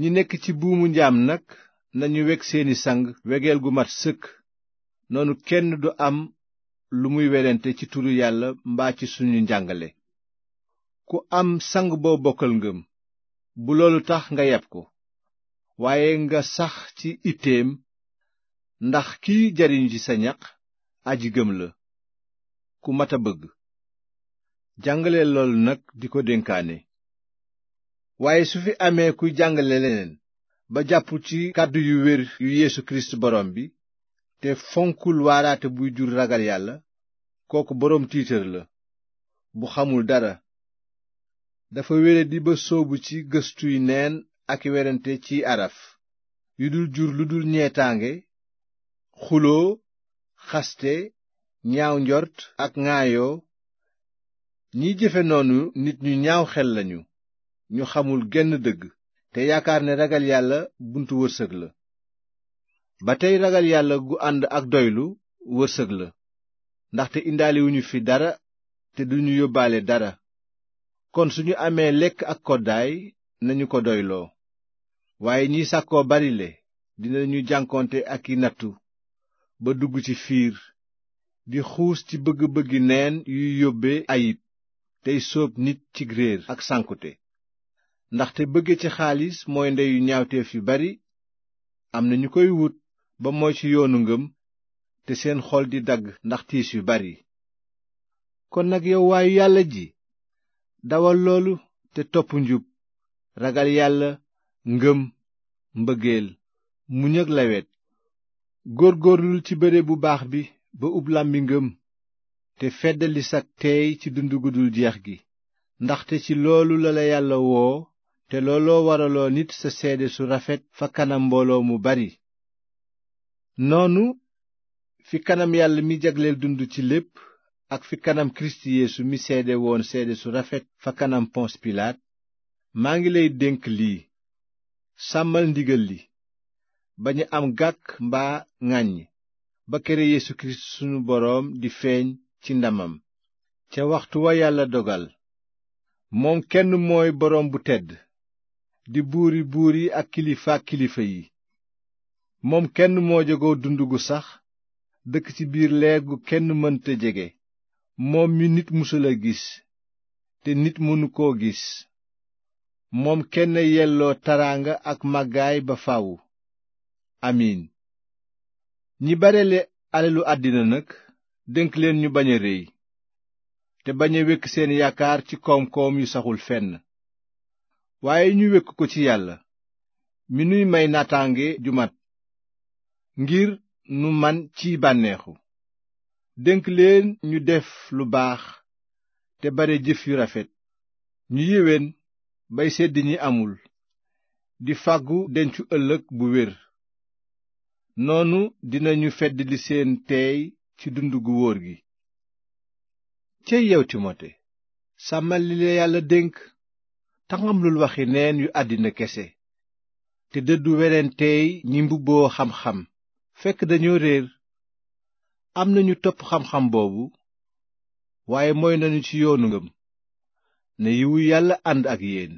ñi nekk ci buumu njaam nag nañu weg seeni sang wegeel gu mat sëkk noonu kenn du am lu muy werante ci turu yàlla mbaa ci suñu njàngale ku am sang boo bokkal ngëm bu loolu tax nga yab ko waaye nga sax ci itteem ndax kiy jariñ ci sa ñaq aji gëm la ku mata bëgg jàngale loolu nag di ko dénkaane waaye su fi amee kuy jàngale leneen ba jàpp ci kàddu yu wér yu Yeesu Kirist borom bi te fonkul waaraate buy jur ragal yàlla kooku boroom tiitër la bu xamul dara dafa wéradi ba sóobu ci gëstuy neen ak werante ci araf yu dul jur lu dul ñeetaange xuloo xaste ñaaw njort ak ŋaayoo ñiy jëfe noonu nit ñu ñaaw xel lañu ñu xamul genn dëgg te yaakaar ne ragal yàlla buntu wërsëg la ba tey ragal yàlla gu ànd ak doylu wërsëg la ndaxte indaaliwuñu fi dara te du ñu yóbbaale dara kon suñu amee lekk ak koddaay nañu ko doyloo waaye ñi sàkkoo barile dinañu jànkonte ak i nattu ba dugg ci fiir di xuus ci bëgg-bëggi neen yuy yóbbe ayib tey sóob nit ci réer ak sankute ndaxte bëgge ci xaalis mooy ndeyu ñaawteef yu bari am na ñu koy wut ba mooy ci yoonu ngëm te seen xol di dagg ndax tiis yu bari kon nag yow waayu yàlla ji dawal loolu te topp njub ragal yàlla ngëm mbëggeel mu ak lawet góorgóorlul ci bëre bu baax bi ba ub làmbi ngëm te feddali sag teey ci dund gudul jeex gi ndaxte ci loolu la la yàlla woo te looloo waraloo nit sa seede su rafet fa kanam mbooloo mu bari noonu fi kanam yàlla mi jagleel dund ci lépp ak fi kanam kirist yeesu mi seede woon seede su rafet fa kanam pons pilaat maa ngi lay dénk lii sàmmal ndigal li bañ a am gàkk mbaa ŋàññ ba kere yeesu kirist sunu boroom di feeñ ci ndamam ca waxtu wa yàlla dogal moom kenn mooy boroom bu tedd di buuri buur yi ak kilifa kilifa yi moom kenn moo jagoo dund gu sax dëkk ci biir leer gu kenn mënta jege moom mi nit musul gis te nit mënu koo gis moom kenn yelloo taraanga ak màggaay ba faw amiin ñi barele alelu àddina nag dénk leen ñu baña a te bañ a wekk seen yaakaar ci koom-koom yu saxul fenn waaye ñu wekk ko ci yàlla mi nuy may naataange ju ngir nu man ci bànneexu dénk leen ñu def lu baax te bare jëf yu rafet ñu yéwén bay sedd ñi amul di fàggu dencu ëllëg bu wér noonu dinañu fedd li seen teey ci dund gu wóor gi cey yow Timote sàmmal la yàlla dénk tangamlul waxi neen yu àddina kese te dëddu werenteey ñi mbubboo xam-xam fekk dañoo réer am nañu topp xam-xam boobu waaye mooy nañu ci yoonu ngëm ne yiwu yàlla ànd ak yéen